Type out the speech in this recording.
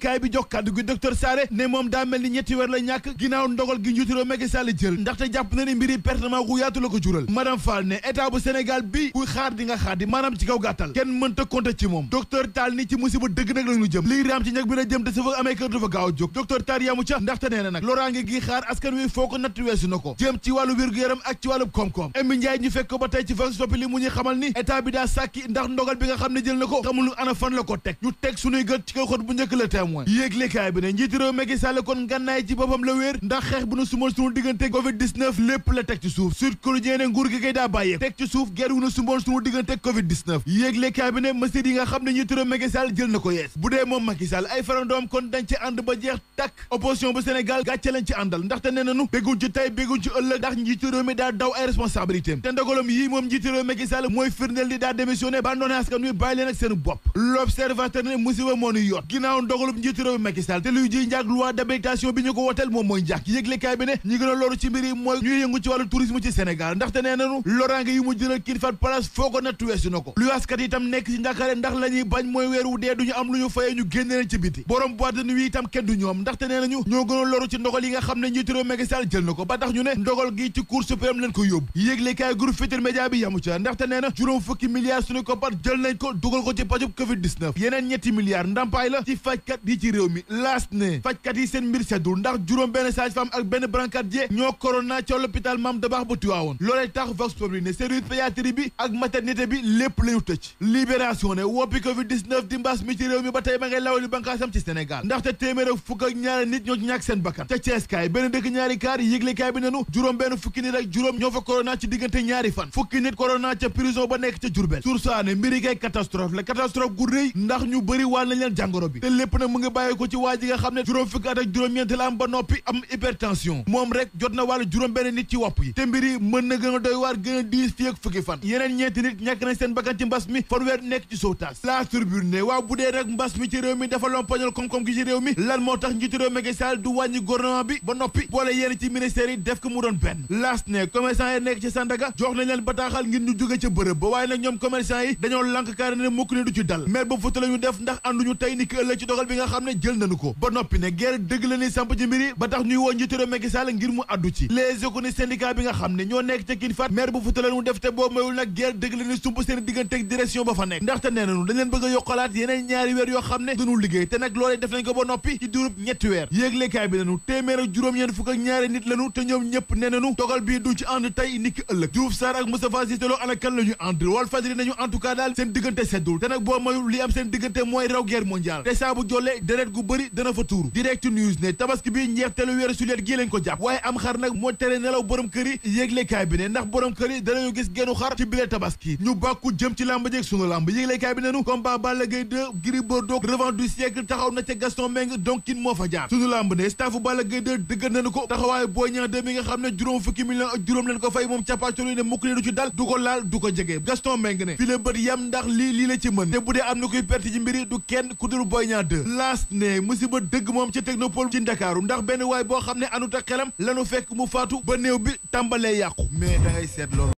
kaay bi jox kàddu gi docteur Saare ne moom daa mel ni ñetti weer la ñàkk ginnaaw ndogal gi njiituroo Macky Sall jël ndaxte jàpp na ne mbiri pertement gu yaatu la ko jural madame Fall ne état bu Sénégal bi kuy xaar di nga xaar di maanaam ci kaw gàttal kenn mënta compter ci moom docteur Tall ni ci musiba dëgg nag la jëm lii raam ci ñag bi la jëm te su fa amee kër dafa gaaw a jóg docteur Tall yamu ca ndaxte nee na nag loraange gi xaar askan wi foo ko natt weesu na bi daa sàkki ndax ne jël na ko témoin yéeglekaay bi ne njiitu réew kon ngànnaay ci boppam la wéer ndax xeex bu nu sumoon sunu diggante covid 19 lépp la teg ci suuf Sud Quotidien nguur gi kay daa bàyyee teg ci suuf ger wu nu sumoon sunu diggante covid 19 yéeglekaay bi ne mesures yi nga xam ne njiitu réew jël na ko yees bu dee moom Macky ay farandoom kon dañ ci ànd ba jeex tàkk opposition bu Sénégal gàcce lañ ci àndal ndax te ne musiba moo nu yot ginnaaw ndogalu dogalub njiitu réew Macky Sall te luy jiy njaag loi d'habilitation bi ñu ko woteel moom mooy njaag yëglekaay bi ne ñi gën a loru ci mbir yi mooy ñuy yëngu ci wàllu tourisme ci Sénégal ndaxte nee nanu loraange yi mu jëral King Fahd foo ko natt weesu na ko luwaaskat itam nekk ci njàkkaare ndax la bañ mooy weer wu dee duñu am lu ñu fayee ñu génne leen ci biti borom boîte de nuit itam kenn ñoom ndaxte nee nañu ñoo gën a loru ci ndogal yi nga xam ne njiitu réew Macky Sall jël na ko ba tax ñu ne di ci réew mi laas ne fajkat yi seen mbir seddul ndax juróom benn sage-femme ak benn brancardier ñoo corona ca l'hôpital Mame Dabakh bu Tivaouane loolee tax Vox Populi ne service pédiatrie bi ak maternité bi lépp la ñu tëj libération ne woppi covid 19 di mbaas mi ci réew mi ba tey ma ngay lawali banqaasam ci Sénégal ndaxte téeméer ak fukk ak ñaari nit ñoo ci ñàkk seen bakkan ca Thiès benn dëkk ñaari kaar yëglekaay bi nenu juróom benn fukki nit ak juróom ñoo fa fan fukki nekk ca Diourbel sursaane mbiri kay catastrophe la catastrophe gu rëy ndax bi lépp na mu ngi bàyyi ko ci waa ji nga xam ne juróom fukki at ak juróom-ñeenti la am ba noppi am hypertension moom rek jot na wàllu juróom benn nit ci wopp yi te mbir yi mën na gën a doy waar gën a diis fii ak fukki fan yeneen ñeenti nit ñàkk nañ seen bakkan ci mbas mi fanweer nekk ci sowtaas la turbune ne waaw bu dee rek mbas mi ci réew mi dafa lompañal koom-koom ci réew mi lan moo tax njiitu réew Macky Sall du wàññi gouvernement bi ba noppi boole yenn ci ministère nga xam ne jël ndaxte nee nañu dañ yokkalaat yeneen ñaari weer yoo xam ne duñu liggéey te nag loolee def nañ ko ba noppi ci durub ñetti weer yéeglekaay bi nañu téeméer ak juróom-ñeent fukk ñaari nit lañu te ñoom ñëpp nee nañu bii du ci ànd tey niki ëllëg Diouf Sarr ak Moustapha Cissé Lo ana kan la ñu ànd Walf nañu en daal seen diggante seddul te nag boo mayul li am seen diggante mooy raw guerre te saa jolle ne deret gu bëri dana fa tuuru direct news ne tabaski bi ñeexteelu weeru sulet gii lañ ko jàpp waaye am xar nag moo tere nelaw borom kër yi yéeglekaay bi ne ndax borom kër yi danañu gis gennu xar ci bile tabaski ñu bàkku jëm ci làmb jeeg sunu làmb yéeglekaay bi nenu combat Balla Gaye 2 Gris Bordeaux revanche du siècle taxaw na ca Gaston Mbengue donkin moo fa jaar sunu làmb ne staffu Balla Gaye 2 dëggal nañu ko taxawaay Boy Niang 2 mi nga xam ne juróom fukki laas ne musiba dëgg moom ci technopole ci ndakaaru ndax benn waay boo xam ne anut ak xelam lanu fekk mu faatu ba néew bi tàmbalee yàqu mais dangay seet loolu